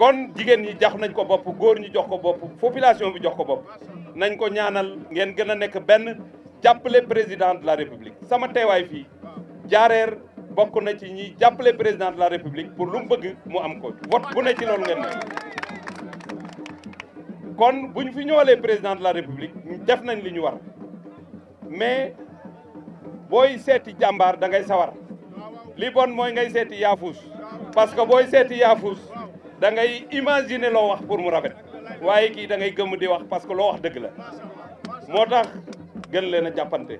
kon jigéen ñi jox nañ ko bopp góor ñi jox ko bopp population bi jox ko bopp nañ ko ñaanal ngeen gën a nekk benn jàppale président de la république sama teewaay fii jaareer bokk na ci ñi jàppale président de la république pour lu mu bëgg mu am ko vote bu ne ci loolu ngeen ne kon bu ñu fi ñëwalee président de la république def nañ li ñu war mais booy seeti jàmbaar da ngay sawar li bon mooy ngay seeti yaafuus parce que booy seeti yaafuus da ngay imaginer loo wax pour mu rafet waaye kii da ngay gëmm di wax parce que loo wax dëgg la moo tax gën leen a jàppante